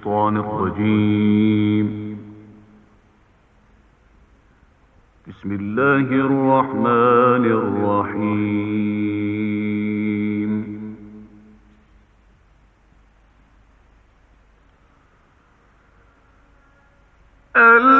الشيطان الرجيم بسم الله الرحمن الرحيم الله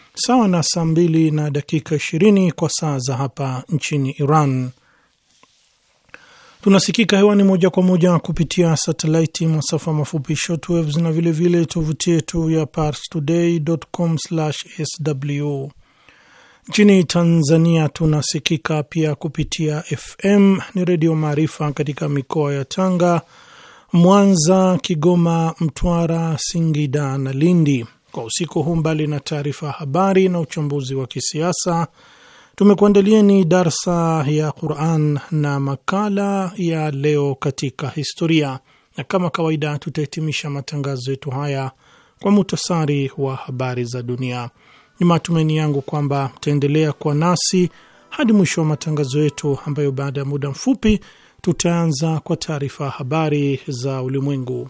sawa na saa mbili na dakika ishirini kwa saa za hapa nchini Iran. Tunasikika hewani moja kwa moja kupitia satelaiti, masafa mafupi shortwaves na vilevile tovuti yetu ya parstoday.com/sw. Nchini Tanzania tunasikika pia kupitia FM ni Redio Maarifa katika mikoa ya Tanga, Mwanza, Kigoma, Mtwara, Singida na Lindi. Kwa usiku huu, mbali na taarifa ya habari na uchambuzi wa kisiasa, tumekuandalieni darsa ya Quran na makala ya leo katika historia, na kama kawaida tutahitimisha matangazo yetu haya kwa muhtasari wa habari za dunia. Ni matumaini yangu kwamba mtaendelea kuwa nasi hadi mwisho wa matangazo yetu, ambayo baada ya muda mfupi tutaanza kwa taarifa habari za ulimwengu.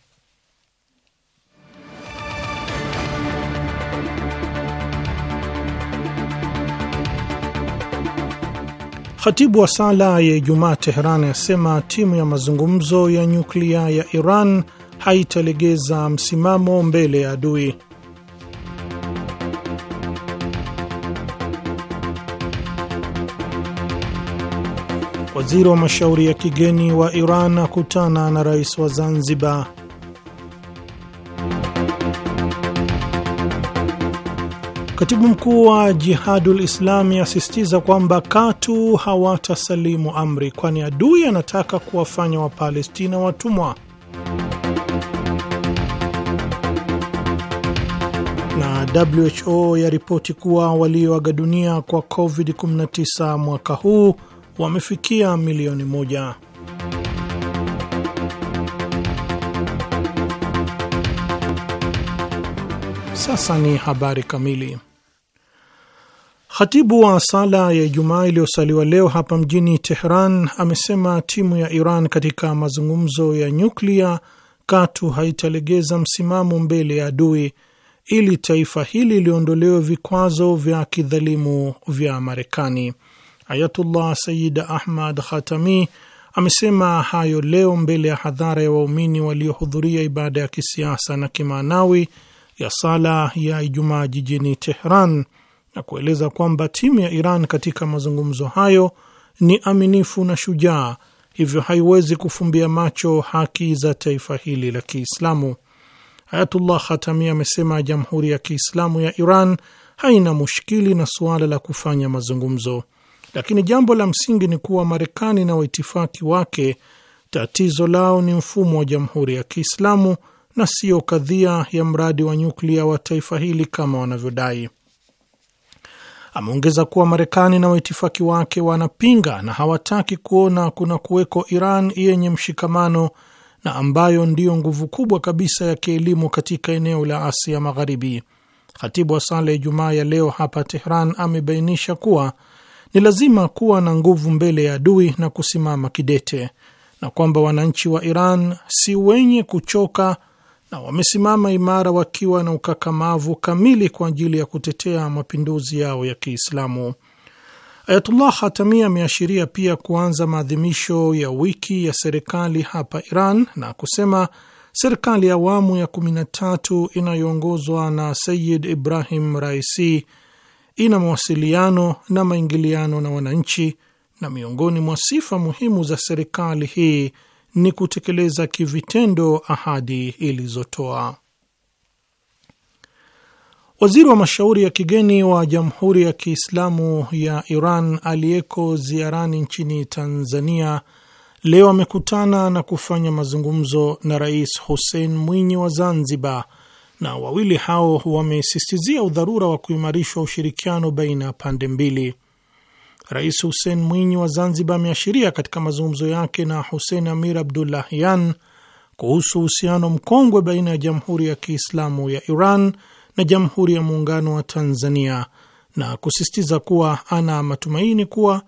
Khatibu wa sala ya Ijumaa teheran asema timu ya mazungumzo ya nyuklia ya Iran haitalegeza msimamo mbele ya adui. Waziri wa mashauri ya kigeni wa Iran akutana na rais wa Zanzibar. Katibu mkuu wa Jihadul Islami asisitiza kwamba katu hawatasalimu amri, kwani adui anataka kuwafanya Wapalestina watumwa. Na WHO yaripoti kuwa walioaga dunia kwa COVID-19 mwaka huu wamefikia milioni moja. Sasa ni habari kamili. Khatibu wa sala ya Ijumaa iliyosaliwa leo hapa mjini Tehran amesema timu ya Iran katika mazungumzo ya nyuklia katu haitalegeza msimamo mbele ya adui ili taifa hili liondolewe vikwazo vya kidhalimu vya Marekani. Ayatullah Sayid Ahmad Khatami amesema hayo leo mbele ya hadhara ya waumini waliohudhuria ibada ya kisiasa na kimaanawi ya sala ya Ijumaa jijini Tehran na kueleza kwamba timu ya Iran katika mazungumzo hayo ni aminifu na shujaa, hivyo haiwezi kufumbia macho haki za taifa hili la Kiislamu. Ayatullah Khatami amesema Jamhuri ya Kiislamu ya Iran haina mushkili na suala la kufanya mazungumzo, lakini jambo la msingi ni kuwa Marekani na waitifaki wake tatizo lao ni mfumo wa Jamhuri ya Kiislamu na siyo kadhia ya mradi wa nyuklia wa taifa hili kama wanavyodai. Ameongeza kuwa Marekani na waitifaki wake wanapinga na hawataki kuona kuna kuweko Iran yenye mshikamano na ambayo ndiyo nguvu kubwa kabisa ya kielimu katika eneo la Asia Magharibi. Khatibu wa sala ya Ijumaa ya leo hapa Tehran amebainisha kuwa ni lazima kuwa na nguvu mbele ya adui na kusimama kidete, na kwamba wananchi wa Iran si wenye kuchoka na wamesimama imara wakiwa na ukakamavu kamili kwa ajili ya kutetea mapinduzi yao ya Kiislamu. Ayatullah Hatami ameashiria pia kuanza maadhimisho ya wiki ya serikali hapa Iran na kusema serikali ya awamu ya 13 inayoongozwa na Sayid Ibrahim Raisi ina mawasiliano na maingiliano na wananchi, na miongoni mwa sifa muhimu za serikali hii ni kutekeleza kivitendo ahadi ilizotoa. Waziri wa mashauri ya kigeni wa Jamhuri ya Kiislamu ya Iran aliyeko ziarani nchini Tanzania leo amekutana na kufanya mazungumzo na Rais Hussein Mwinyi wa Zanzibar, na wawili hao wamesistizia udharura wa kuimarishwa ushirikiano baina ya pande mbili. Rais Hussein Mwinyi wa Zanzibar ameashiria katika mazungumzo yake na Hussein Amir Abdullahian kuhusu uhusiano mkongwe baina ya Jamhuri ya Kiislamu ya Iran na Jamhuri ya Muungano wa Tanzania na kusisitiza kuwa ana matumaini kuwa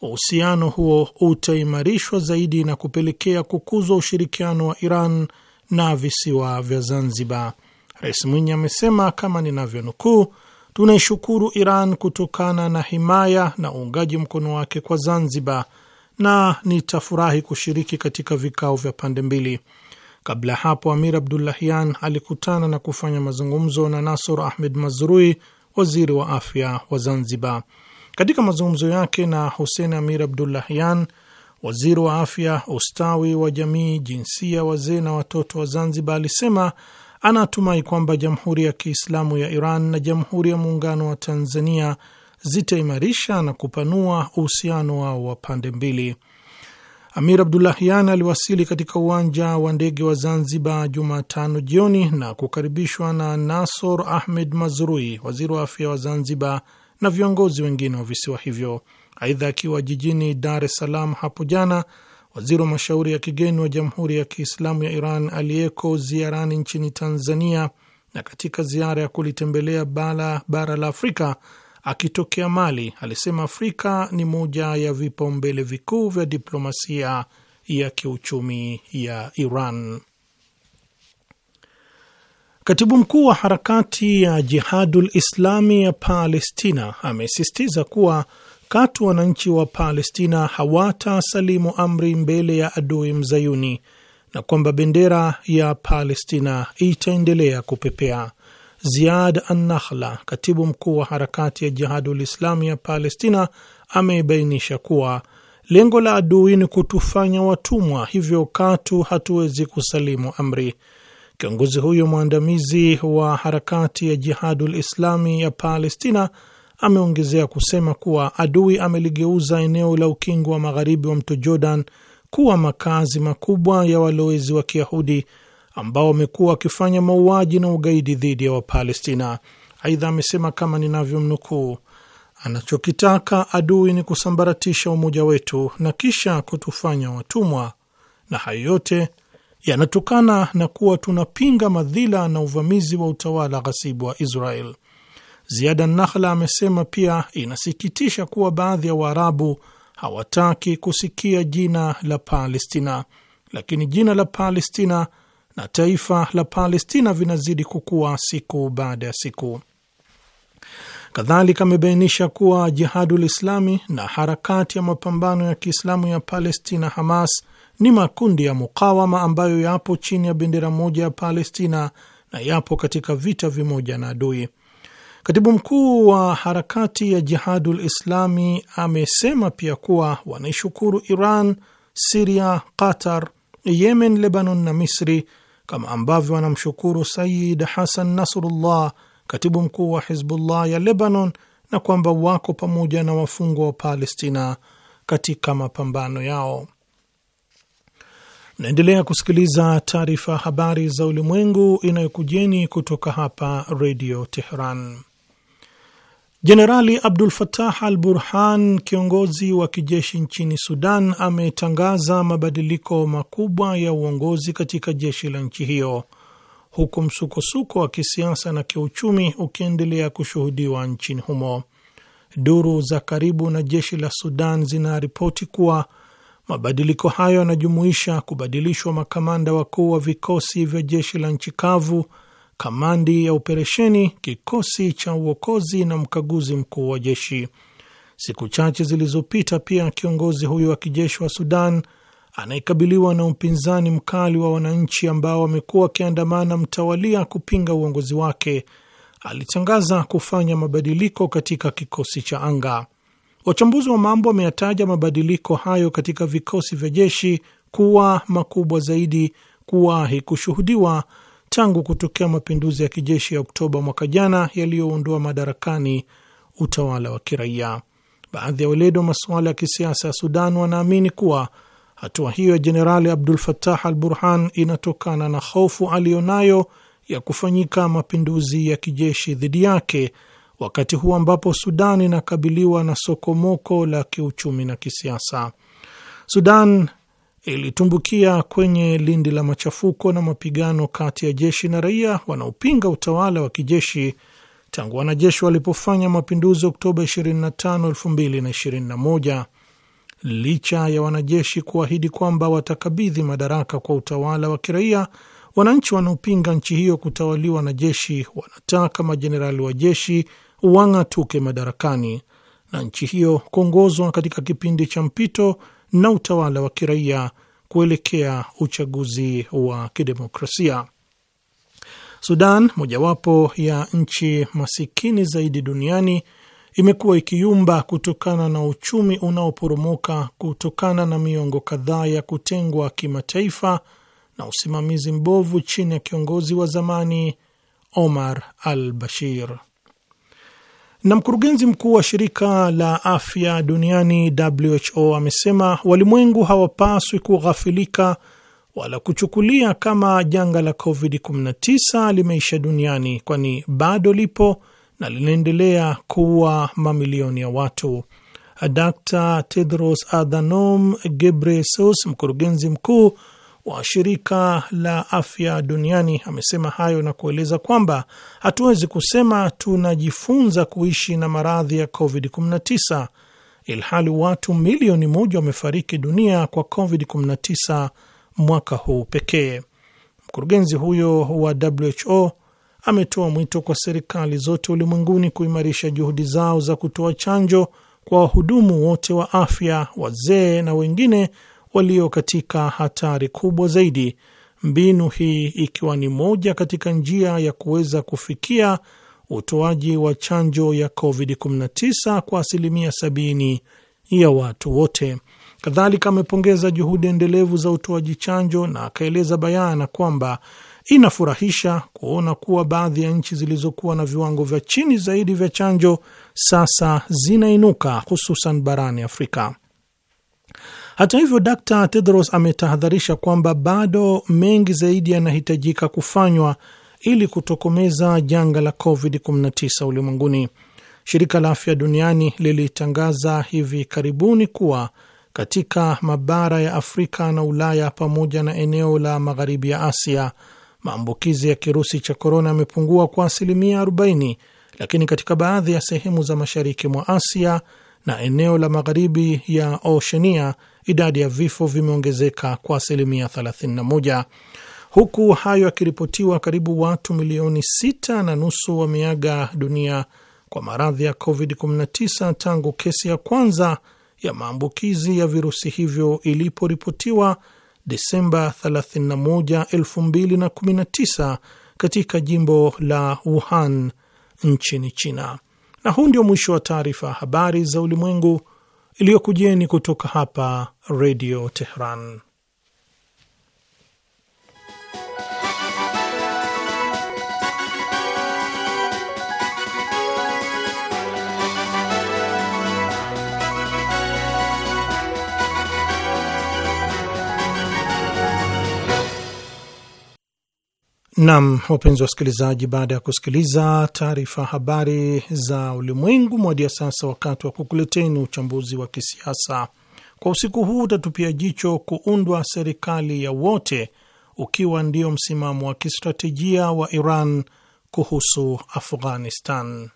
uhusiano huo utaimarishwa zaidi na kupelekea kukuzwa ushirikiano wa Iran na visiwa vya Zanzibar. Rais Mwinyi amesema kama ninavyonukuu Tunaishukuru Iran kutokana na himaya na uungaji mkono wake kwa Zanzibar na nitafurahi kushiriki katika vikao vya pande mbili. Kabla ya hapo, Amir Abdullahian alikutana na kufanya mazungumzo na Nasor Ahmed Mazrui, waziri wa afya wa Zanzibar. Katika mazungumzo yake na Hussein Amir Abdullahian, waziri wa afya, ustawi wa jamii, jinsia, wazee na watoto wa Zanzibar, alisema anatumai kwamba Jamhuri ya Kiislamu ya Iran na Jamhuri ya Muungano wa Tanzania zitaimarisha na kupanua uhusiano wao wa pande mbili. Amir Abdullahyan aliwasili katika uwanja wa ndege wa Zanzibar Jumatano jioni na kukaribishwa na Nasor Ahmed Mazrui, waziri wa afya wa Zanzibar, na viongozi wengine wa visiwa hivyo. Aidha, akiwa jijini Dar es Salaam hapo jana Waziri wa mashauri ya kigeni wa Jamhuri ya Kiislamu ya Iran aliyeko ziarani nchini Tanzania na katika ziara ya kulitembelea bara, bara la Afrika akitokea Mali alisema Afrika ni moja ya vipaumbele vikuu vya diplomasia ya kiuchumi ya Iran. Katibu mkuu wa harakati ya Jihadul Islami ya Palestina amesisitiza kuwa katu wananchi wa Palestina hawatasalimu amri mbele ya adui mzayuni na kwamba bendera ya Palestina itaendelea kupepea. Ziad Annahla, katibu mkuu wa harakati ya Jihadul Islami ya Palestina, amebainisha kuwa lengo la adui ni kutufanya watumwa, hivyo katu hatuwezi kusalimu amri. Kiongozi huyo mwandamizi wa harakati ya Jihadul Islami ya Palestina Ameongezea kusema kuwa adui ameligeuza eneo la ukingo wa magharibi wa mto Jordan kuwa makazi makubwa ya walowezi wa Kiyahudi ambao wamekuwa wakifanya mauaji na ugaidi dhidi ya Wapalestina. Aidha amesema kama ninavyomnukuu, anachokitaka adui ni kusambaratisha umoja wetu na kisha kutufanya watumwa, na hayo yote yanatokana na kuwa tunapinga madhila na uvamizi wa utawala ghasibu wa Israel. Ziada Nahla amesema pia inasikitisha kuwa baadhi ya Waarabu hawataki kusikia jina la Palestina, lakini jina la Palestina na taifa la Palestina vinazidi kukua siku baada ya siku. Kadhalika amebainisha kuwa Jihadul Islami na harakati ya mapambano ya Kiislamu ya Palestina, Hamas, ni makundi ya mukawama ambayo yapo chini ya bendera moja ya Palestina na yapo katika vita vimoja na adui. Katibu mkuu wa harakati ya Jihadul Islami amesema pia kuwa wanaishukuru Iran, Siria, Qatar, Yemen, Lebanon na Misri kama ambavyo wanamshukuru Sayid Hasan Nasrullah, katibu mkuu wa Hizbullah ya Lebanon, na kwamba wako pamoja na wafungwa wa Palestina katika mapambano yao. Naendelea kusikiliza taarifa habari za ulimwengu inayokujeni kutoka hapa Redio Tehran. Jenerali Abdul Fatah al Burhan, kiongozi wa kijeshi nchini Sudan, ametangaza mabadiliko makubwa ya uongozi katika jeshi la nchi hiyo, huku msukosuko wa kisiasa na kiuchumi ukiendelea kushuhudiwa nchini humo. Duru za karibu na jeshi la Sudan zinaripoti kuwa mabadiliko hayo yanajumuisha kubadilishwa makamanda wakuu wa vikosi vya jeshi la nchi kavu kamandi ya operesheni, kikosi cha uokozi na mkaguzi mkuu wa jeshi. Siku chache zilizopita pia kiongozi huyo wa kijeshi wa Sudan anayekabiliwa na upinzani mkali wa wananchi ambao wamekuwa wakiandamana mtawalia kupinga uongozi wake alitangaza kufanya mabadiliko katika kikosi cha anga. Wachambuzi wa mambo wameyataja mabadiliko hayo katika vikosi vya jeshi kuwa makubwa zaidi kuwahi kushuhudiwa tangu kutokea mapinduzi ya kijeshi ya Oktoba mwaka jana yaliyoondoa madarakani utawala wa kiraia. Baadhi ya weledi wa masuala ya kisiasa ya Sudan wanaamini kuwa hatua hiyo ya Jenerali Abdul fatah al Burhan inatokana na hofu aliyonayo ya kufanyika mapinduzi ya kijeshi dhidi yake, wakati huu ambapo Sudan inakabiliwa na sokomoko la kiuchumi na kisiasa. Sudan ilitumbukia kwenye lindi la machafuko na mapigano kati ya jeshi na raia wanaopinga utawala wa kijeshi tangu wanajeshi walipofanya mapinduzi Oktoba 25, 2021 licha ya wanajeshi kuahidi kwamba watakabidhi madaraka kwa utawala wa kiraia. Wananchi wanaopinga nchi hiyo kutawaliwa na jeshi wanataka majenerali wa jeshi wang'atuke madarakani na nchi hiyo kuongozwa katika kipindi cha mpito na utawala wa kiraia kuelekea uchaguzi wa kidemokrasia. Sudan, mojawapo ya nchi masikini zaidi duniani, imekuwa ikiyumba kutokana na uchumi unaoporomoka kutokana na miongo kadhaa ya kutengwa kimataifa na usimamizi mbovu chini ya kiongozi wa zamani Omar al-Bashir. Na mkurugenzi mkuu wa shirika la afya duniani WHO amesema walimwengu hawapaswi kughafilika wala kuchukulia kama janga la COVID-19 limeisha duniani, kwani bado lipo na linaendelea kuwa mamilioni ya watu. Dr Tedros Adhanom Ghebreyesus, mkurugenzi mkuu wa shirika la afya duniani amesema hayo na kueleza kwamba hatuwezi kusema tunajifunza kuishi na maradhi ya COVID-19 ilhali watu milioni moja wamefariki dunia kwa COVID-19 mwaka huu pekee. Mkurugenzi huyo wa WHO ametoa mwito kwa serikali zote ulimwenguni kuimarisha juhudi zao za kutoa chanjo kwa wahudumu wote wa afya, wazee na wengine walio katika hatari kubwa zaidi, mbinu hii ikiwa ni moja katika njia ya kuweza kufikia utoaji wa chanjo ya COVID-19 kwa asilimia 70 ya watu wote. Kadhalika amepongeza juhudi endelevu za utoaji chanjo na akaeleza bayana kwamba inafurahisha kuona kuwa baadhi ya nchi zilizokuwa na viwango vya chini zaidi vya chanjo sasa zinainuka, hususan barani Afrika. Hata hivyo, Dkt Tedros ametahadharisha kwamba bado mengi zaidi yanahitajika kufanywa ili kutokomeza janga la COVID-19 ulimwenguni. Shirika la Afya Duniani lilitangaza hivi karibuni kuwa katika mabara ya Afrika na Ulaya pamoja na eneo la magharibi ya Asia, maambukizi ya kirusi cha korona yamepungua kwa asilimia 40, lakini katika baadhi ya sehemu za mashariki mwa Asia na eneo la magharibi ya Oshenia idadi ya vifo vimeongezeka kwa asilimia 31, huku hayo yakiripotiwa, karibu watu milioni sita na nusu wameaga dunia kwa maradhi ya COVID-19 tangu kesi ya kwanza ya maambukizi ya virusi hivyo iliporipotiwa Desemba 31, 2019 katika jimbo la Wuhan nchini China. Na huu ndio mwisho wa taarifa ya habari za ulimwengu iliyokujeni kutoka hapa Redio Tehran. Nam, wapenzi wa wasikilizaji, baada ya kusikiliza taarifa habari za ulimwengu, mwadia sasa wakati wa kukuleteni uchambuzi wa kisiasa kwa usiku huu. Utatupia jicho kuundwa serikali ya wote, ukiwa ndio msimamo wa kistratejia wa Iran kuhusu Afghanistan.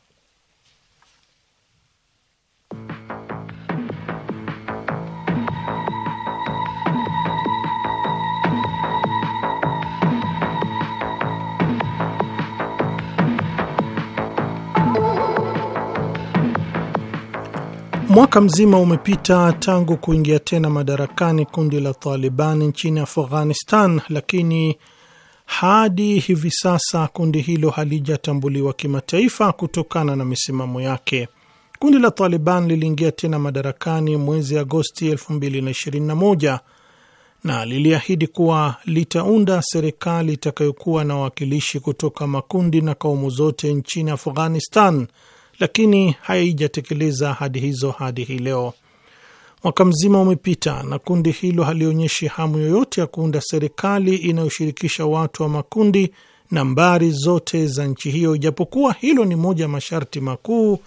Mwaka mzima umepita tangu kuingia tena madarakani kundi la Taliban nchini Afghanistan, lakini hadi hivi sasa kundi hilo halijatambuliwa kimataifa kutokana na misimamo yake. Kundi la Taliban liliingia tena madarakani mwezi Agosti 2021 na liliahidi kuwa litaunda serikali itakayokuwa na wawakilishi kutoka makundi na kaumu zote nchini Afghanistan lakini haijatekeleza ahadi hizo hadi hii leo. Mwaka mzima umepita na kundi hilo halionyeshi hamu yoyote ya kuunda serikali inayoshirikisha watu wa makundi nambari zote za nchi hiyo, ijapokuwa hilo ni moja ya masharti makuu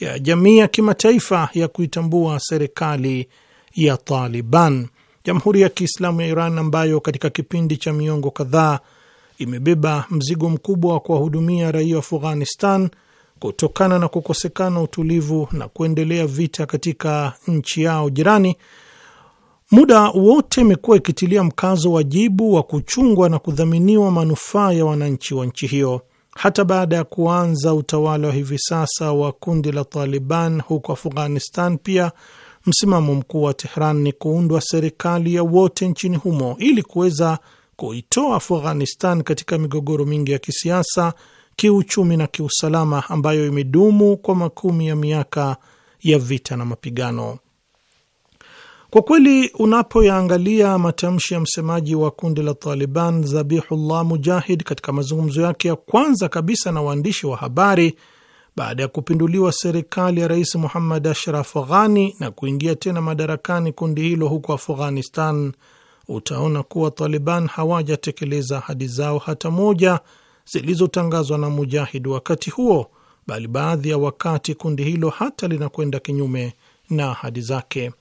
ya jamii ya kimataifa ya kuitambua serikali ya Taliban. Jamhuri ya Kiislamu ya Iran ambayo katika kipindi cha miongo kadhaa imebeba mzigo mkubwa wa kuwahudumia raia wa Afghanistan kutokana na kukosekana utulivu na kuendelea vita katika nchi yao jirani, muda wote imekuwa ikitilia mkazo wajibu wa kuchungwa na kudhaminiwa manufaa ya wananchi wa nchi hiyo. Hata baada ya kuanza utawala wa hivi sasa wa kundi la Taliban huko Afghanistan, pia msimamo mkuu wa Tehran ni kuundwa serikali ya wote nchini humo ili kuweza kuitoa Afghanistan katika migogoro mingi ya kisiasa kiuchumi na kiusalama ambayo imedumu kwa makumi ya miaka ya vita na mapigano. Kwa kweli, unapoyaangalia matamshi ya msemaji wa kundi la Taliban Zabihullah Mujahid katika mazungumzo yake ya kwanza kabisa na waandishi wa habari baada ya kupinduliwa serikali ya Rais Muhammad Ashraf Ghani na kuingia tena madarakani kundi hilo huko Afghanistan, utaona kuwa Taliban hawajatekeleza ahadi zao hata moja zilizotangazwa na Mujahid wakati huo, bali baadhi ya wakati kundi hilo hata linakwenda kinyume na ahadi zake.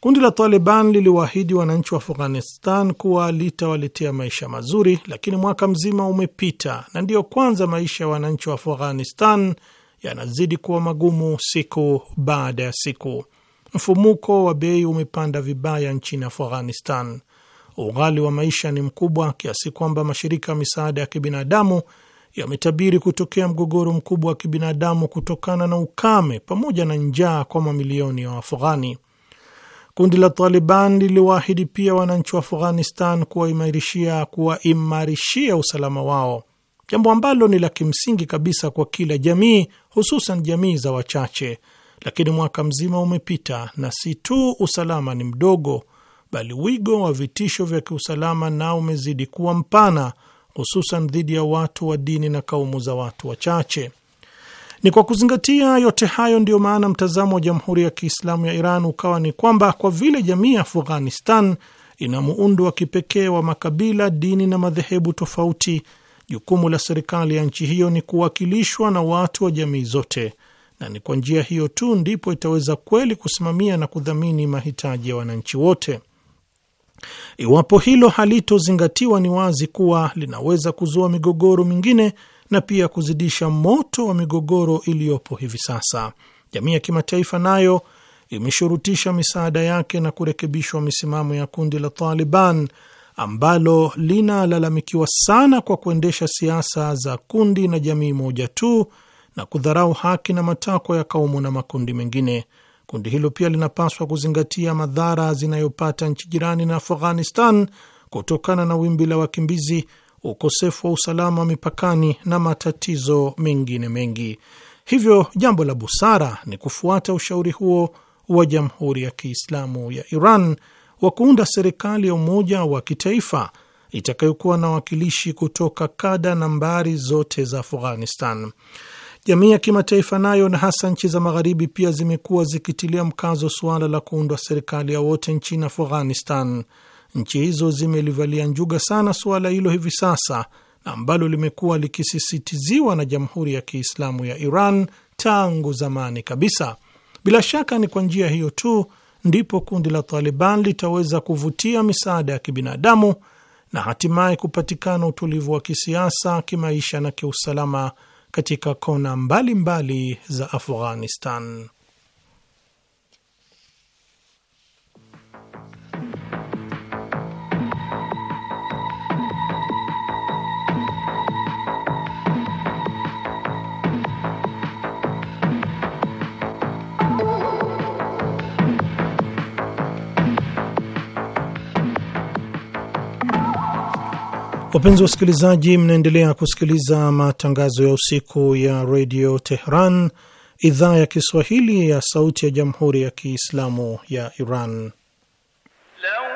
Kundi la Taliban liliwaahidi wananchi wa Afghanistan kuwa litawaletea maisha mazuri, lakini mwaka mzima umepita na ndiyo kwanza maisha ya wananchi wa Afghanistan yanazidi kuwa magumu siku baada ya siku. Mfumuko wa bei umepanda vibaya nchini Afghanistan. Ughali wa maisha ni mkubwa kiasi kwamba mashirika ya misaada ya kibinadamu yametabiri kutokea mgogoro mkubwa wa kibinadamu kutokana na ukame pamoja na njaa kwa mamilioni ya Waafghani. Kundi la Taliban liliwaahidi pia wananchi wa Afghanistan kuwaimarishia kuwaimarishia usalama wao, jambo ambalo ni la kimsingi kabisa kwa kila jamii, hususan jamii za wachache. Lakini mwaka mzima umepita na si tu usalama ni mdogo, bali wigo wa vitisho vya kiusalama nao umezidi kuwa mpana, hususan dhidi ya watu wa dini na kaumu za watu wachache. Ni kwa kuzingatia yote hayo ndiyo maana mtazamo wa Jamhuri ya Kiislamu ya Iran ukawa ni kwamba kwa vile jamii ya Afghanistan ina muundo wa kipekee wa makabila, dini na madhehebu tofauti, jukumu la serikali ya nchi hiyo ni kuwakilishwa na watu wa jamii zote, na ni kwa njia hiyo tu ndipo itaweza kweli kusimamia na kudhamini mahitaji ya wananchi wote. Iwapo hilo halitozingatiwa, ni wazi kuwa linaweza kuzua migogoro mingine na pia kuzidisha moto wa migogoro iliyopo hivi sasa. Jamii ya kimataifa nayo imeshurutisha misaada yake na kurekebishwa misimamo ya kundi la Taliban ambalo linalalamikiwa sana kwa kuendesha siasa za kundi na jamii moja tu na kudharau haki na matakwa ya kaumu na makundi mengine. Kundi hilo pia linapaswa kuzingatia madhara zinayopata nchi jirani na Afghanistan kutokana na wimbi la wakimbizi, ukosefu wa usalama mipakani na matatizo mengine mengi. Hivyo jambo la busara ni kufuata ushauri huo wa Jamhuri ya Kiislamu ya Iran wa kuunda serikali ya umoja wa kitaifa itakayokuwa na wakilishi kutoka kada nambari zote za Afghanistan. Jamii ya kimataifa nayo na hasa nchi za Magharibi pia zimekuwa zikitilia mkazo suala la kuundwa serikali ya wote nchini Afghanistan. Nchi hizo zimelivalia njuga sana suala hilo hivi sasa na ambalo limekuwa likisisitiziwa na Jamhuri ya Kiislamu ya Iran tangu zamani kabisa. Bila shaka ni kwa njia hiyo tu ndipo kundi la Taliban litaweza kuvutia misaada ya kibinadamu na hatimaye kupatikana utulivu wa kisiasa, kimaisha na kiusalama katika kona mbalimbali mbali za Afghanistan. Wapenzi wa wasikilizaji, mnaendelea kusikiliza matangazo ya usiku ya redio Tehran, idhaa ya Kiswahili ya sauti ya jamhuri ya Kiislamu ya Iran Hello.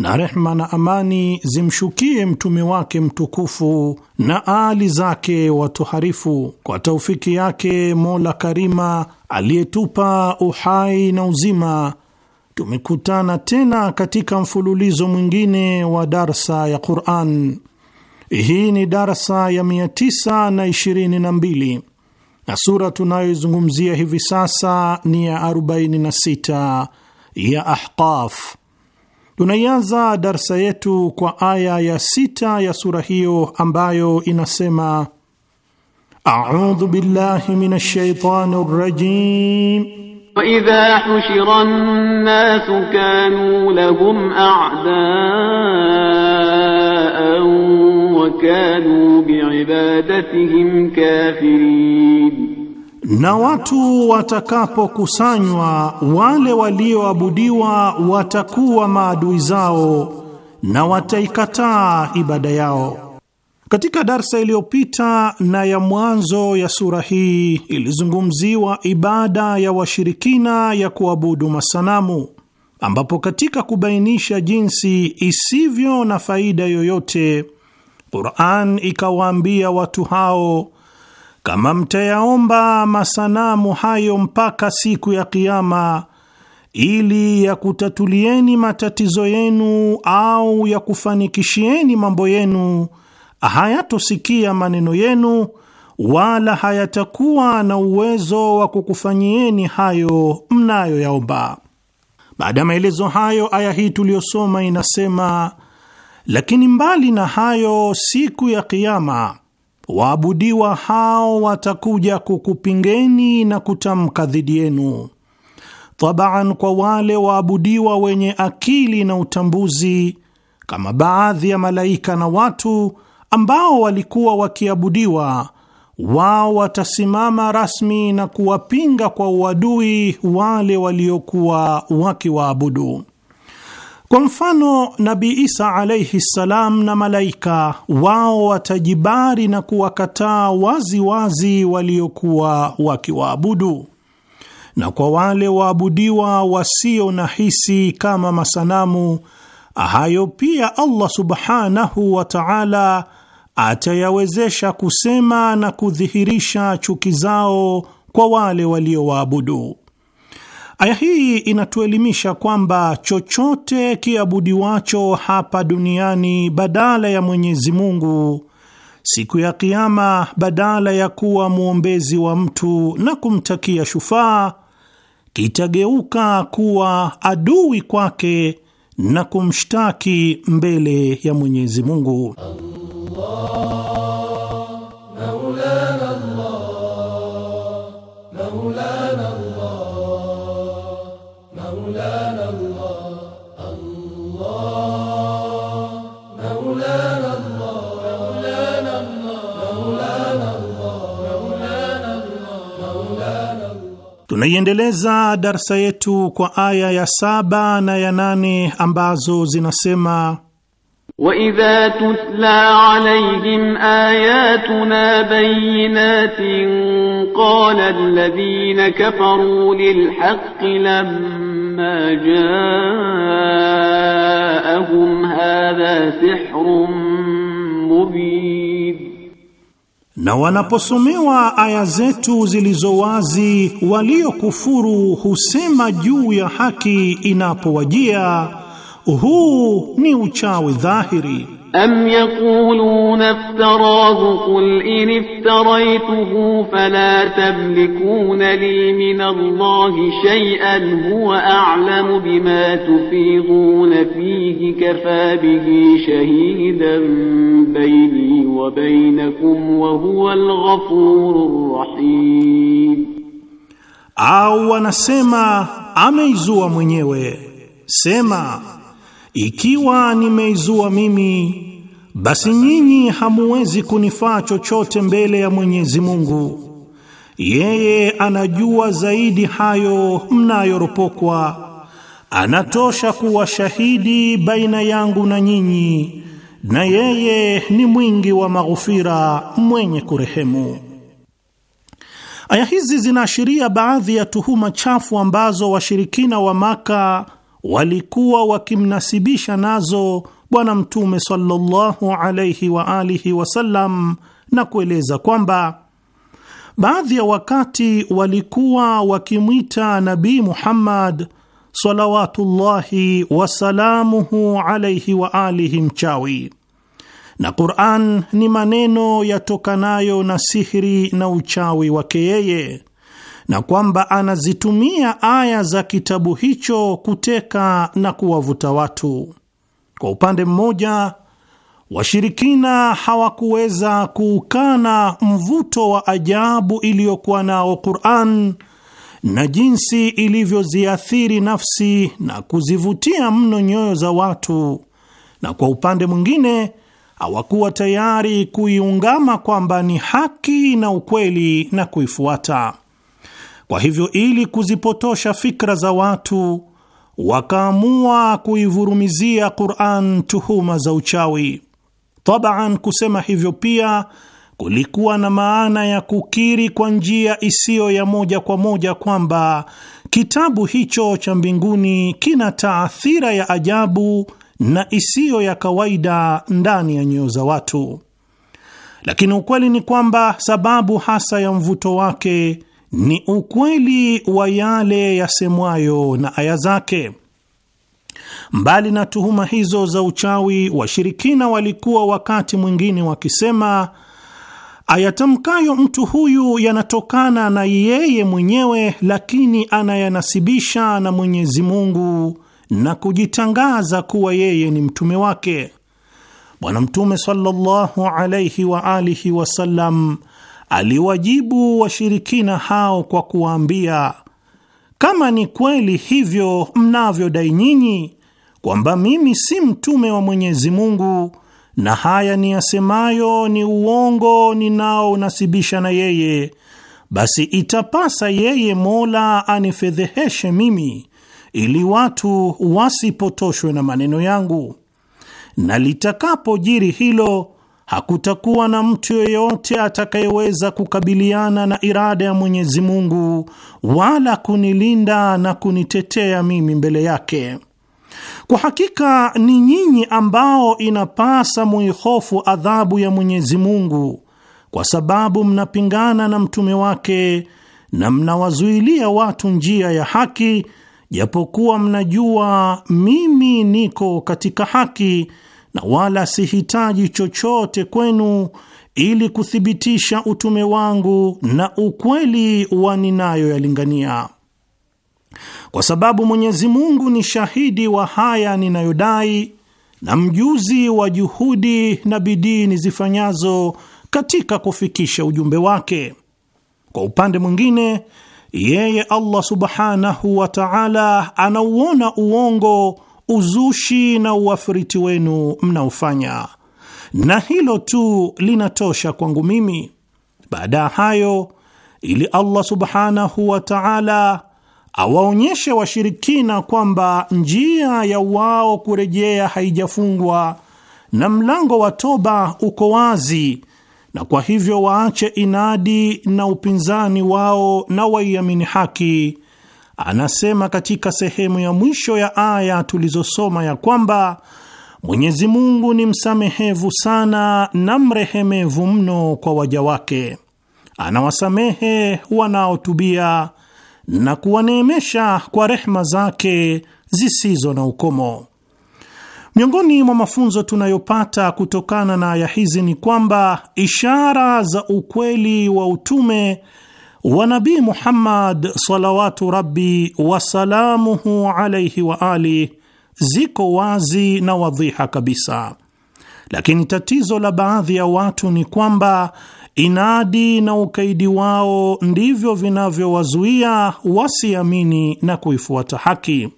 na rehma na amani zimshukie mtume wake mtukufu na aali zake watoharifu. Kwa taufiki yake Mola Karima aliyetupa uhai na uzima, tumekutana tena katika mfululizo mwingine wa darsa ya Quran. Hii ni darsa ya 922 na, na sura tunayoizungumzia hivi sasa ni ya 46 ya Ahqaf. Tunaianza darsa yetu kwa aya ya sita ya sura hiyo ambayo inasema: audhu billahi minash shaitani rrajim wa idha hushira nnasu kanu lahum a'daan wa kanu bi'ibadatihim kafirin Na watu watakapokusanywa wale walioabudiwa watakuwa maadui zao na wataikataa ibada yao. Katika darsa iliyopita na ya mwanzo ya sura hii ilizungumziwa ibada ya washirikina ya kuabudu masanamu, ambapo katika kubainisha jinsi isivyo na faida yoyote, Qur'an ikawaambia watu hao kama mtayaomba masanamu hayo mpaka siku ya Kiama ili yakutatulieni matatizo yenu au yakufanikishieni mambo yenu, hayatosikia maneno yenu wala hayatakuwa na uwezo wa kukufanyieni hayo mnayoyaomba. Baada ya maelezo hayo, aya hii tuliyosoma inasema, lakini mbali na hayo, siku ya Kiama waabudiwa hao watakuja kukupingeni na kutamka dhidi yenu. Tabaan, kwa wale waabudiwa wenye akili na utambuzi kama baadhi ya malaika na watu ambao walikuwa wakiabudiwa, wao watasimama rasmi na kuwapinga kwa uadui wale waliokuwa wakiwaabudu. Kwa mfano, Nabi Isa alaihi ssalam na malaika wao watajibari na kuwakataa waziwazi waliokuwa wakiwaabudu, na kwa wale waabudiwa wasio na hisi kama masanamu hayo pia Allah subhanahu wa taala atayawezesha kusema na kudhihirisha chuki zao kwa wale waliowaabudu. Aya hii inatuelimisha kwamba chochote kiabudiwacho hapa duniani badala ya Mwenyezi Mungu, siku ya Kiama, badala ya kuwa mwombezi wa mtu na kumtakia shufaa, kitageuka kuwa adui kwake na kumshtaki mbele ya Mwenyezi Mungu Allah. Tunaiendeleza darsa yetu kwa aya ya saba na ya nane ambazo zinasema وَإِذَا تُتْلَى عَلَيْهِمْ آيَاتُنَا بَيِّنَاتٍ قَالَ الَّذِينَ كَفَرُوا لِلْحَقِّ لَمَّا جَاءَهُمْ هَذَا سِحْرٌ مُبِينٌ na wanaposomewa aya zetu zilizo wazi, waliokufuru husema juu ya haki inapowajia, huu ni uchawi dhahiri. أم يقولون افتراه قل إن افتريته فلا تملكون لي من الله شيئا هو أعلم بما تفيضون فيه كفى به شهيدا بيني وبينكم وهو الغفور الرحيم أو ونسمى أميزوا mwenyewe سما Ikiwa nimeizua mimi, basi nyinyi hamuwezi kunifaa chochote mbele ya Mwenyezi Mungu. Yeye anajua zaidi hayo mnayoropokwa, anatosha kuwa shahidi baina yangu na nyinyi, na yeye ni mwingi wa maghufira, mwenye kurehemu. Aya hizi zinaashiria baadhi ya tuhuma chafu ambazo washirikina wa Maka walikuwa wakimnasibisha nazo Bwana Mtume sallallahu alaihi wa alihi wasallam, na kueleza kwamba baadhi ya wakati walikuwa wakimwita Nabii Muhammad salawatullahi wasalamuhu alaihi wa alihi mchawi, na Quran ni maneno yatokanayo na sihiri na uchawi wake yeye na kwamba anazitumia aya za kitabu hicho kuteka na kuwavuta watu. Kwa upande mmoja, washirikina hawakuweza kuukana mvuto wa ajabu iliyokuwa nao Qur'an na jinsi ilivyoziathiri nafsi na kuzivutia mno nyoyo za watu, na kwa upande mwingine hawakuwa tayari kuiungama kwamba ni haki na ukweli na kuifuata. Kwa hivyo, ili kuzipotosha fikra za watu, wakaamua kuivurumizia Qur'an tuhuma za uchawi. Tabaan, kusema hivyo pia kulikuwa na maana ya kukiri kwa njia isiyo ya moja kwa moja kwamba kitabu hicho cha mbinguni kina taathira ya ajabu na isiyo ya kawaida ndani ya nyoyo za watu, lakini ukweli ni kwamba sababu hasa ya mvuto wake ni ukweli wa yale yasemwayo na aya zake. Mbali na tuhuma hizo za uchawi, washirikina walikuwa wakati mwingine wakisema ayatamkayo mtu huyu yanatokana na yeye mwenyewe, lakini anayanasibisha na Mwenyezi Mungu na kujitangaza kuwa yeye ni mtume wake. Bwana Mtume sallallahu alaihi wa alihi wasallam aliwajibu washirikina hao kwa kuwaambia, kama ni kweli hivyo mnavyodai nyinyi kwamba mimi si mtume wa Mwenyezi Mungu na haya niyasemayo ni uongo ninaonasibisha na yeye, basi itapasa yeye Mola anifedheheshe mimi, ili watu wasipotoshwe na maneno yangu, na litakapojiri hilo hakutakuwa na mtu yeyote atakayeweza kukabiliana na irada ya Mwenyezi Mungu wala kunilinda na kunitetea mimi mbele yake. Kwa hakika ni nyinyi ambao inapasa muihofu adhabu ya Mwenyezi Mungu, kwa sababu mnapingana na mtume wake na mnawazuilia watu njia ya haki, japokuwa mnajua mimi niko katika haki na wala sihitaji chochote kwenu ili kuthibitisha utume wangu na ukweli wa ninayoyalingania, kwa sababu Mwenyezi Mungu ni shahidi wa haya ninayodai na mjuzi wa juhudi na bidii nizifanyazo katika kufikisha ujumbe wake. Kwa upande mwingine, yeye Allah subhanahu wa ta'ala, anauona uongo uzushi na uafriti wenu mnaofanya, na hilo tu linatosha kwangu mimi. Baada ya hayo, ili Allah subhanahu wa ta'ala awaonyeshe washirikina kwamba njia ya wao kurejea haijafungwa na mlango wa toba uko wazi, na kwa hivyo waache inadi na upinzani wao na waiamini haki anasema katika sehemu ya mwisho ya aya tulizosoma ya kwamba Mwenyezi Mungu ni msamehevu sana na mrehemevu mno kwa waja wake, anawasamehe wanaotubia na kuwaneemesha kwa rehma zake zisizo na ukomo. Miongoni mwa mafunzo tunayopata kutokana na aya hizi ni kwamba ishara za ukweli wa utume wa Nabii Muhammad salawatu rabbi wasalamuhu alaihi wa ali ziko wazi na wadhiha kabisa, lakini tatizo la baadhi ya watu ni kwamba inadi na ukaidi wao ndivyo vinavyowazuia wasiamini na kuifuata haki.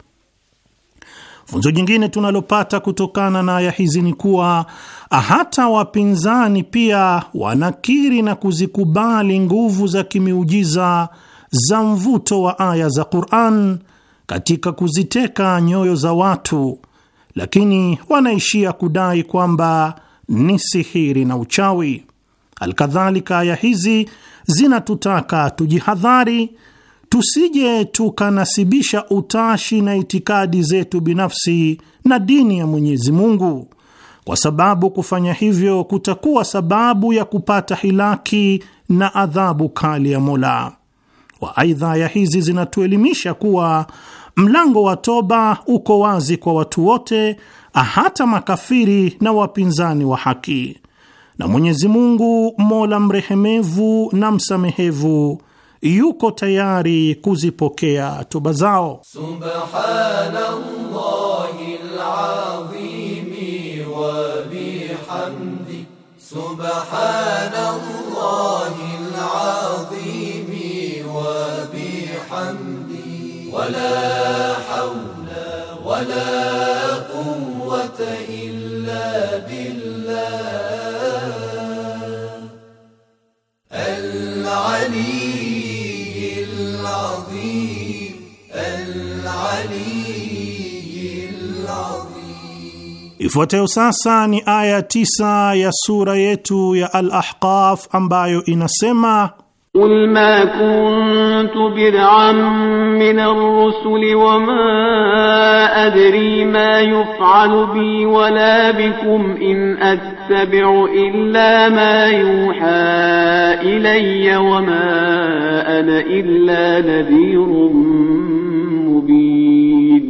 Funzo jingine tunalopata kutokana na aya hizi ni kuwa hata wapinzani pia wanakiri na kuzikubali nguvu za kimiujiza za mvuto wa aya za Qur'an katika kuziteka nyoyo za watu, lakini wanaishia kudai kwamba ni sihiri na uchawi. Alkadhalika, aya hizi zinatutaka tujihadhari tusije tukanasibisha utashi na itikadi zetu binafsi na dini ya Mwenyezi Mungu, kwa sababu kufanya hivyo kutakuwa sababu ya kupata hilaki na adhabu kali ya Mola wa. Aidha, ya hizi zinatuelimisha kuwa mlango wa toba uko wazi kwa watu wote, hata makafiri na wapinzani wa haki, na Mwenyezi Mungu mola mrehemevu na msamehevu yuko tayari kuzipokea toba zao. Subhanallahi alazim wa bihamdi, subhanallahi alazim wa bihamdi, wala hawla wala Ifuatayo sasa ni aya tisa ya sura yetu ya Al-Ahqaf ambayo inasema Qul ma kuntu bid'an min ar-rusuli wa ma adri ma yuf'alu bi wa la bikum in attabi'u illa ma yuha ilayya wa ma ana illa nadhirun mubin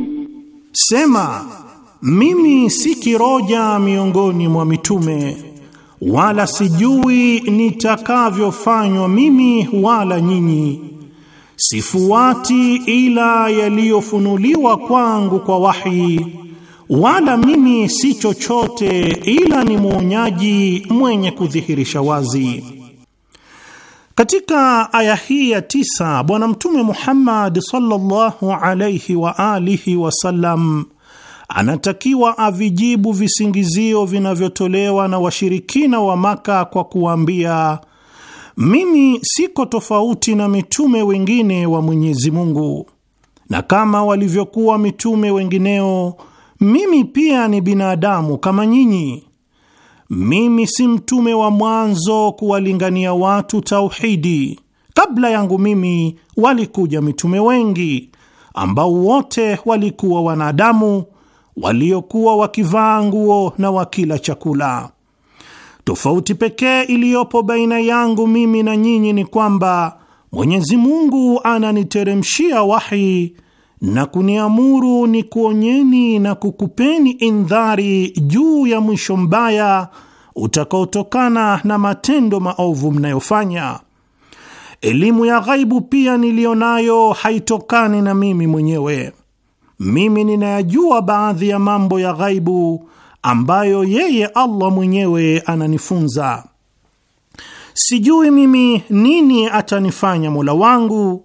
Sema Mimi si kiroja miongoni mwa mitume wala sijui nitakavyofanywa mimi wala nyinyi. Sifuati ila yaliyofunuliwa kwangu kwa wahi, wala mimi si chochote ila ni mwonyaji mwenye kudhihirisha wazi. Katika aya hii ya tisa Bwana Mtume Muhammad sallallahu alayhi wa alihi wasallam anatakiwa avijibu visingizio vinavyotolewa na washirikina wa Maka kwa kuwaambia, mimi siko tofauti na mitume wengine wa Mwenyezi Mungu, na kama walivyokuwa mitume wengineo, mimi pia ni binadamu kama nyinyi. Mimi si mtume wa mwanzo kuwalingania watu tauhidi. Kabla yangu mimi walikuja mitume wengi ambao wote walikuwa wanadamu waliokuwa wakivaa nguo na wakila chakula. Tofauti pekee iliyopo baina yangu mimi na nyinyi ni kwamba Mwenyezi Mungu ananiteremshia wahi na kuniamuru ni kuonyeni na kukupeni indhari juu ya mwisho mbaya utakaotokana na matendo maovu mnayofanya. Elimu ya ghaibu pia niliyo nayo haitokani na mimi mwenyewe mimi ninayajua baadhi ya mambo ya ghaibu ambayo yeye Allah mwenyewe ananifunza. Sijui mimi nini atanifanya Mola wangu,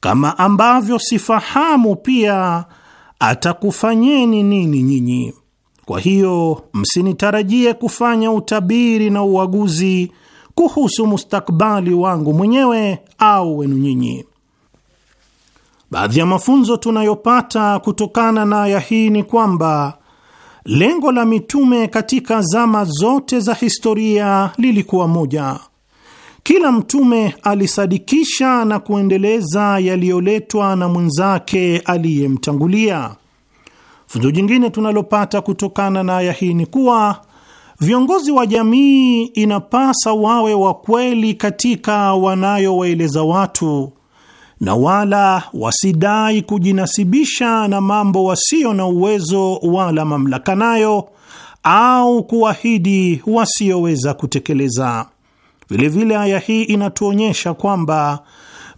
kama ambavyo sifahamu pia atakufanyeni nini nyinyi. Kwa hiyo msinitarajie kufanya utabiri na uaguzi kuhusu mustakbali wangu mwenyewe au wenu nyinyi. Baadhi ya mafunzo tunayopata kutokana na aya hii ni kwamba lengo la mitume katika zama zote za historia lilikuwa moja. Kila mtume alisadikisha na kuendeleza yaliyoletwa na mwenzake aliyemtangulia. Funzo jingine tunalopata kutokana na aya hii ni kuwa viongozi wa jamii inapasa wawe wa kweli katika wanayowaeleza watu na wala wasidai kujinasibisha na mambo wasio na uwezo wala mamlaka nayo au kuahidi wasioweza kutekeleza. Vilevile, aya hii inatuonyesha kwamba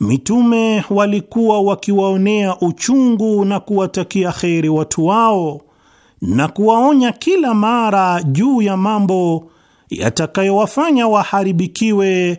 mitume walikuwa wakiwaonea uchungu na kuwatakia kheri watu wao na kuwaonya kila mara juu ya mambo yatakayowafanya waharibikiwe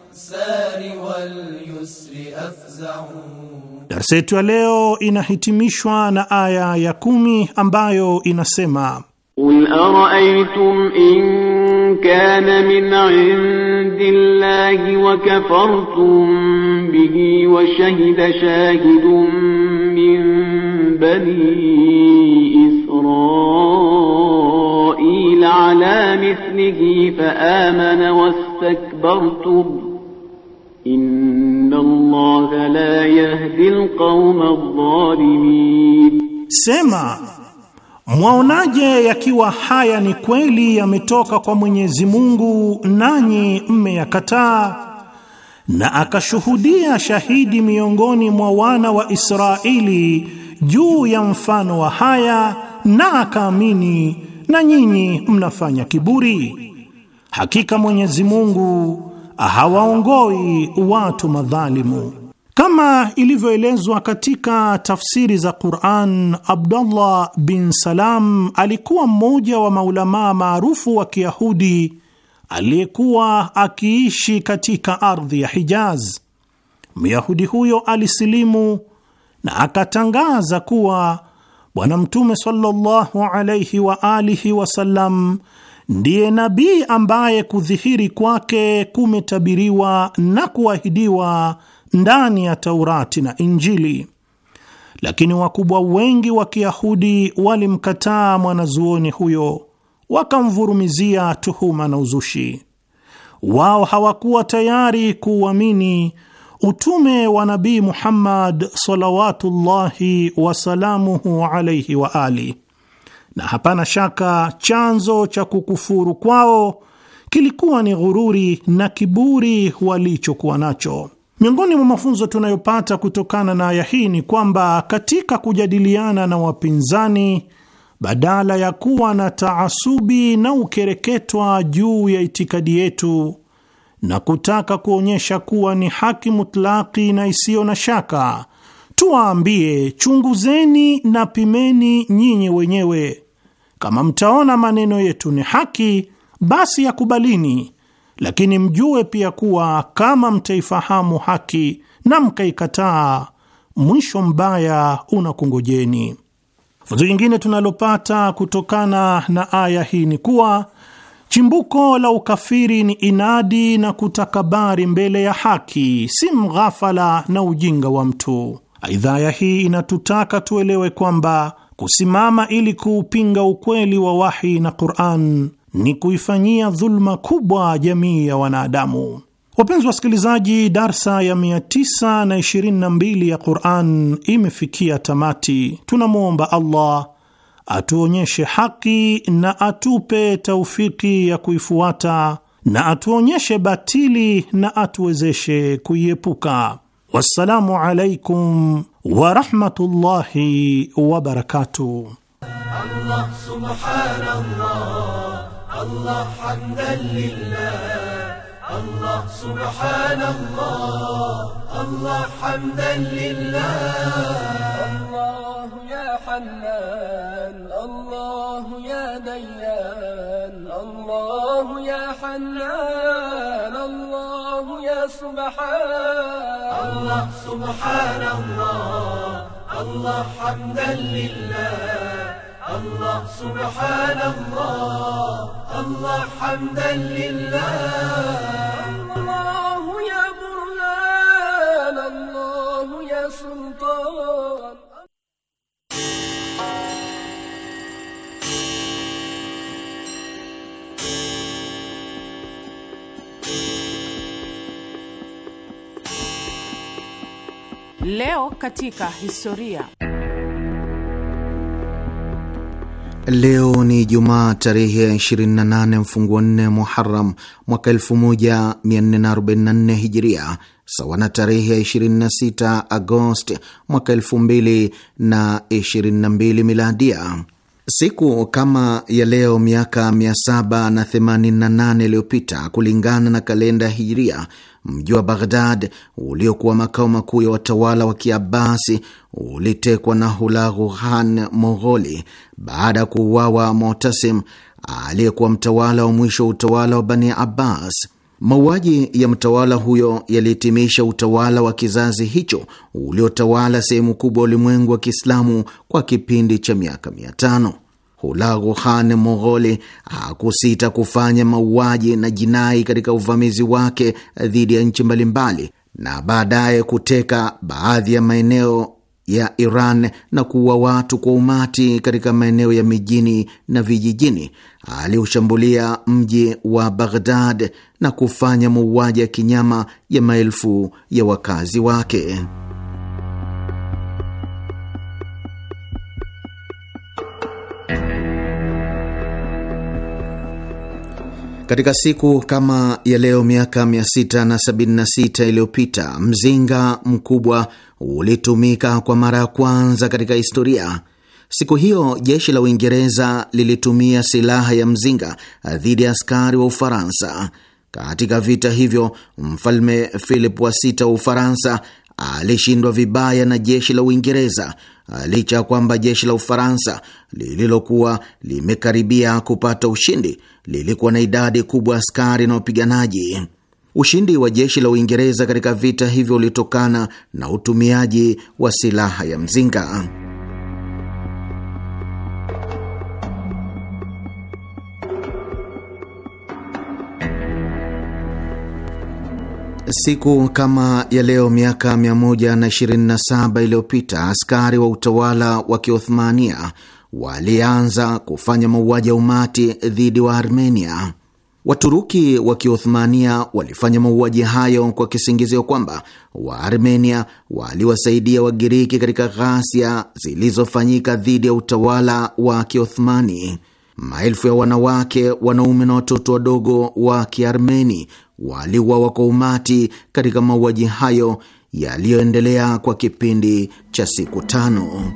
اليسار واليسر أفزع Darsa yetu ya leo inahitimishwa na aya ya kumi ambayo inasema Qul ara'aytum in kana min 'indillahi wa kafartum bihi wa shahida shahidun min bani Israila ala mithlihi fa amana wastakbartum sema mwaonaje yakiwa haya ni kweli yametoka kwa Mwenyezi Mungu nanyi mmeyakataa, na akashuhudia shahidi miongoni mwa wana wa Israeli juu ya mfano wa haya na akaamini, na nyinyi mnafanya kiburi. Hakika Mwenyezi Mungu hawaongoi watu madhalimu. Kama ilivyoelezwa katika tafsiri za Quran, Abdullah bin Salam alikuwa mmoja wa maulamaa maarufu wa Kiyahudi aliyekuwa akiishi katika ardhi ya Hijaz. Myahudi huyo alisilimu na akatangaza kuwa Bwana Mtume sallallahu alayhi wa alihi wasallam ndiye nabii ambaye kudhihiri kwake kumetabiriwa na kuahidiwa ndani ya Taurati na Injili. Lakini wakubwa wengi wa Kiyahudi walimkataa mwanazuoni huyo, wakamvurumizia tuhuma na uzushi. Wao hawakuwa tayari kuuamini utume wa Nabii Muhammad salawatullahi wasalamuhu alaihi wa alihi na hapana shaka chanzo cha kukufuru kwao kilikuwa ni ghururi na kiburi walichokuwa nacho. Miongoni mwa mafunzo tunayopata kutokana na aya hii ni kwamba katika kujadiliana na wapinzani, badala ya kuwa na taasubi na ukereketwa juu ya itikadi yetu na kutaka kuonyesha kuwa ni haki mutlaki na isiyo na shaka tuwaambie, chunguzeni na pimeni nyinyi wenyewe, kama mtaona maneno yetu ni haki, basi yakubalini, lakini mjue pia kuwa kama mtaifahamu haki na mkaikataa, mwisho mbaya unakungojeni. Funzo jingine tunalopata kutokana na aya hii ni kuwa chimbuko la ukafiri ni inadi na kutakabari mbele ya haki, si mghafala na ujinga wa mtu. Aidhaya hii inatutaka tuelewe kwamba kusimama ili kuupinga ukweli wa wahi na Qur'an ni kuifanyia dhulma kubwa jamii ya wanadamu. Wapenzi wasikilizaji, darsa ya 922 ya Qur'an imefikia tamati. Tunamwomba Allah atuonyeshe haki na atupe taufiki ya kuifuata na atuonyeshe batili na atuwezeshe kuiepuka. والسلام عليكم ورحمة الله وبركاته الله سبحان الله الله حمدا لله الله سبحان الله الله حمدا لله الله يا حنان الله يا ديان الله يا حنان سبحان الله سبحان الله الله حمدا لله الله سبحان الله الله حمدا لله Leo katika historia. Leo ni Jumaa tarehe ya 28 mfunguo 4 Muharam mwaka 1444 Hijiria, sawa na tarehe ya 26 Agosti mwaka 2022 Miladia. Siku kama ya leo miaka 788 iliyopita kulingana na kalenda Hijiria, mji wa Baghdad uliokuwa makao makuu ya watawala wa Kiabasi ulitekwa na Hulagu Khan Mogholi baada ya kuuawa Motasim aliyekuwa mtawala wa mwisho wa utawala wa Bani Abbas. Mauaji ya mtawala huyo yalihitimisha utawala wa kizazi hicho uliotawala sehemu kubwa ulimwengu wa Kiislamu kwa kipindi cha miaka mia tano. Hulagu Khan Mogholi hakusita kufanya mauaji na jinai katika uvamizi wake dhidi ya nchi mbalimbali na baadaye kuteka baadhi ya maeneo ya Iran na kuua watu kwa umati katika maeneo ya mijini na vijijini. Aliushambulia mji wa Baghdad na kufanya mauaji ya kinyama ya maelfu ya wakazi wake. Katika siku kama ya leo miaka 676 iliyopita mzinga mkubwa ulitumika kwa mara ya kwanza katika historia. Siku hiyo jeshi la Uingereza lilitumia silaha ya mzinga dhidi ya askari wa Ufaransa. Katika vita hivyo, mfalme Philip wa sita wa Ufaransa alishindwa vibaya na jeshi la Uingereza Ah, licha ya kwamba jeshi la Ufaransa lililokuwa limekaribia kupata ushindi lilikuwa na idadi kubwa askari na wapiganaji. Ushindi wa jeshi la Uingereza katika vita hivyo ulitokana na utumiaji wa silaha ya mzinga. Siku kama ya leo miaka 127 iliyopita askari wa utawala wa Kiothmania walianza kufanya mauaji ya umati dhidi wa Armenia. Waturuki wa Kiothmania walifanya mauaji hayo kwa kisingizio kwamba Waarmenia waliwasaidia Wagiriki katika ghasia zilizofanyika dhidi ya utawala wa Kiothmani. Maelfu ya wanawake, wanaume na watoto wadogo wa Kiarmeni waliuawa kwa umati katika mauaji hayo yaliyoendelea kwa kipindi cha siku tano.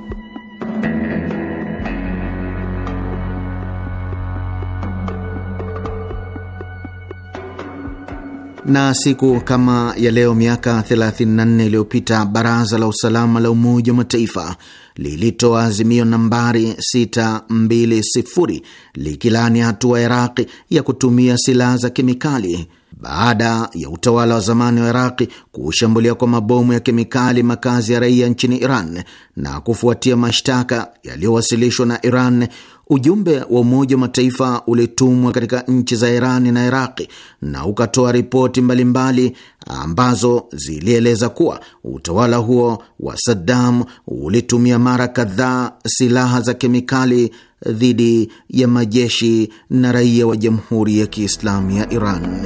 na siku kama ya leo miaka 34 iliyopita Baraza la Usalama la Umoja wa Mataifa lilitoa azimio nambari 620 likilani hatua ya Iraqi ya kutumia silaha za kemikali baada ya utawala wa zamani wa Iraqi kushambulia kwa mabomu ya kemikali makazi ya raia nchini Iran na kufuatia mashtaka yaliyowasilishwa na Iran, ujumbe wa Umoja wa Mataifa ulitumwa katika nchi za Irani na Iraqi na ukatoa ripoti mbalimbali ambazo zilieleza kuwa utawala huo wa Saddam ulitumia mara kadhaa silaha za kemikali dhidi ya majeshi na raia wa Jamhuri ya Kiislamu ya Iran.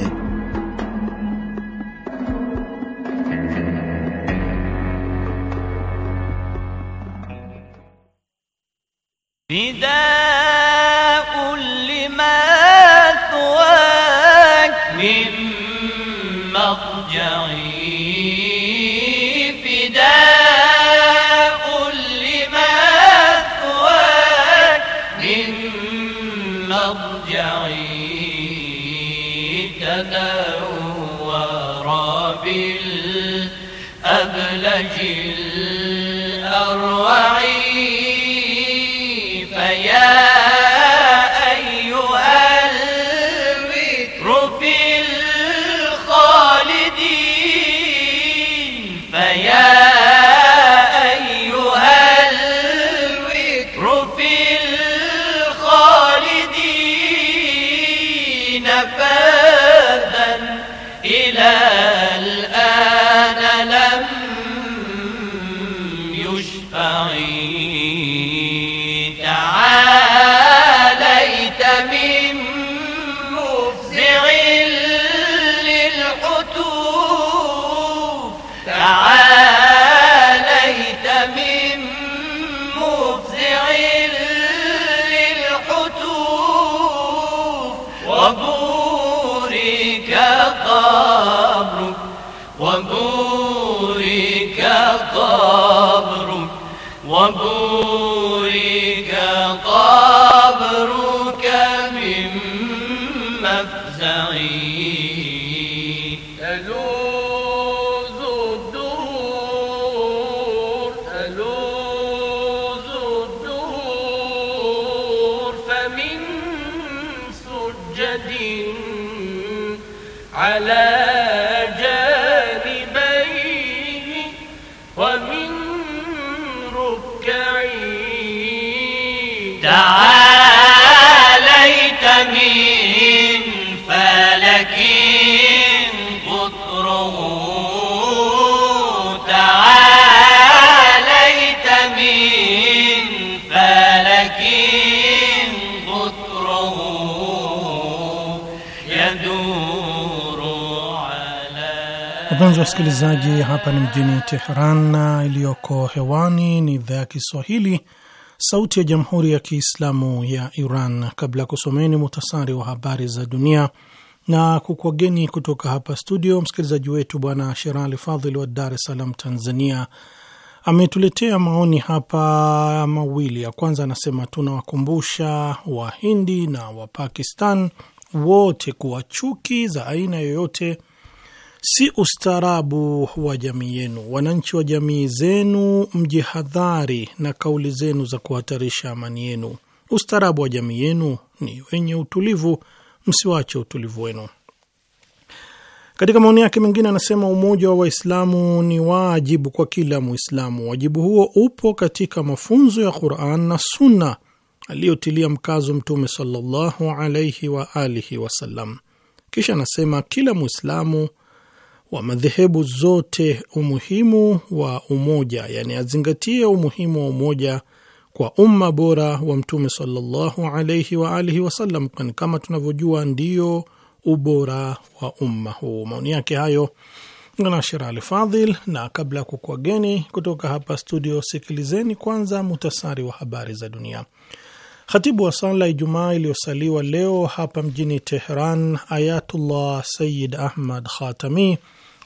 فداء لما ثواك من مضجعي نفاذا إلى Wapenzi wasikilizaji, hapa ni mjini Teheran na iliyoko hewani ni idhaa ya Kiswahili, Sauti ya Jamhuri ya Kiislamu ya Iran. Kabla ya kusomeni muhtasari wa habari za dunia na kukwageni kutoka hapa studio, msikilizaji wetu Bwana Sherali Fadhili wa Dar es Salaam, Tanzania, ametuletea maoni hapa mawili. Ya kwanza anasema, tunawakumbusha Wahindi na Wapakistan wote kuwa chuki za aina yoyote si ustaarabu wa jamii yenu. Wananchi wa jamii zenu, mjihadhari na kauli zenu za kuhatarisha amani yenu. Ustaarabu wa jamii yenu ni wenye utulivu, msiwache utulivu wenu. Katika maoni yake mengine anasema umoja wa Waislamu ni wajibu kwa kila Mwislamu. Wajibu huo upo katika mafunzo ya Quran na Sunna aliyotilia mkazo Mtume sallallahu alaihi wa alihi wasallam. Kisha anasema kila Mwislamu wa madhehebu zote umuhimu wa umoja, yani azingatie umuhimu wa umoja kwa umma bora wa Mtume sallallahu alaihi wa alihi wasallam, kwani kama tunavyojua ndio ubora wa umma huu. Maoni yake hayo Nasher Alfadhil. Na kabla ya kukuageni kutoka hapa studio, sikilizeni kwanza muhtasari wa habari za dunia. Khatibu wa sala Ijumaa iliyosaliwa leo hapa mjini Tehran, Ayatullah Sayid Ahmad Khatami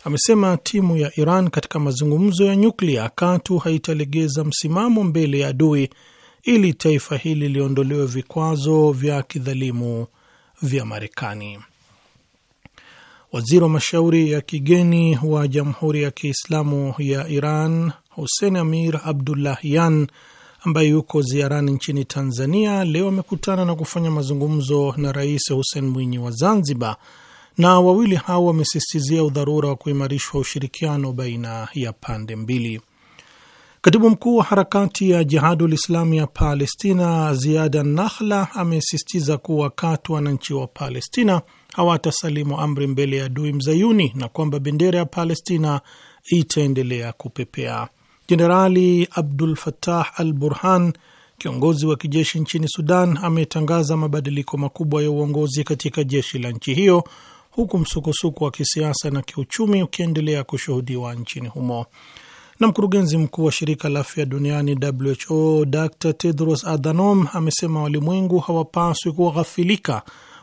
amesema timu ya Iran katika mazungumzo ya nyuklia katu haitalegeza msimamo mbele ya adui ili taifa hili liondolewe vikwazo vya kidhalimu vya Marekani. Waziri wa mashauri ya kigeni wa Jamhuri ya Kiislamu ya Iran Hussein Amir Abdullahian ambaye yuko ziarani nchini Tanzania leo amekutana na kufanya mazungumzo na Rais Hussein Mwinyi wa Zanzibar na wawili hao wamesistizia udharura wa kuimarishwa ushirikiano baina ya pande mbili. Katibu mkuu wa harakati ya Jihadul Islami ya Palestina Ziada Nahla amesistiza kuwa katu wananchi wa Palestina hawatasalimu amri mbele ya adui mzayuni na kwamba bendera ya Palestina itaendelea kupepea. Jenerali Abdul fatah al Burhan, kiongozi wa kijeshi nchini Sudan, ametangaza mabadiliko makubwa ya uongozi katika jeshi la nchi hiyo huku msukosuko wa kisiasa na kiuchumi ukiendelea kushuhudiwa nchini humo. Na mkurugenzi mkuu wa shirika la afya duniani WHO Dr Tedros Adhanom amesema walimwengu hawapaswi kuwaghafilika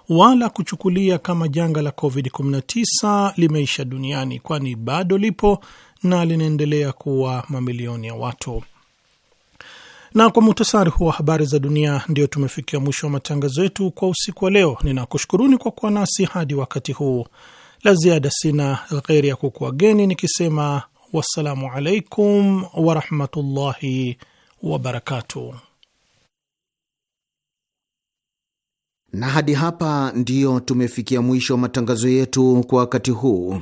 wala kuchukulia kama janga la COVID-19 limeisha duniani, kwani bado lipo na linaendelea kuwa mamilioni ya watu. Na kwa muhtasari wa habari za dunia, ndio tumefikia mwisho wa matangazo yetu kwa usiku wa leo. Ninakushukuruni kwa kuwa nasi hadi wakati huu. La ziada sina ghairi ya kukuageni nikisema wassalamu alaikum warahmatullahi wabarakatuh. Na hadi hapa ndiyo tumefikia mwisho wa matangazo yetu kwa wakati huu.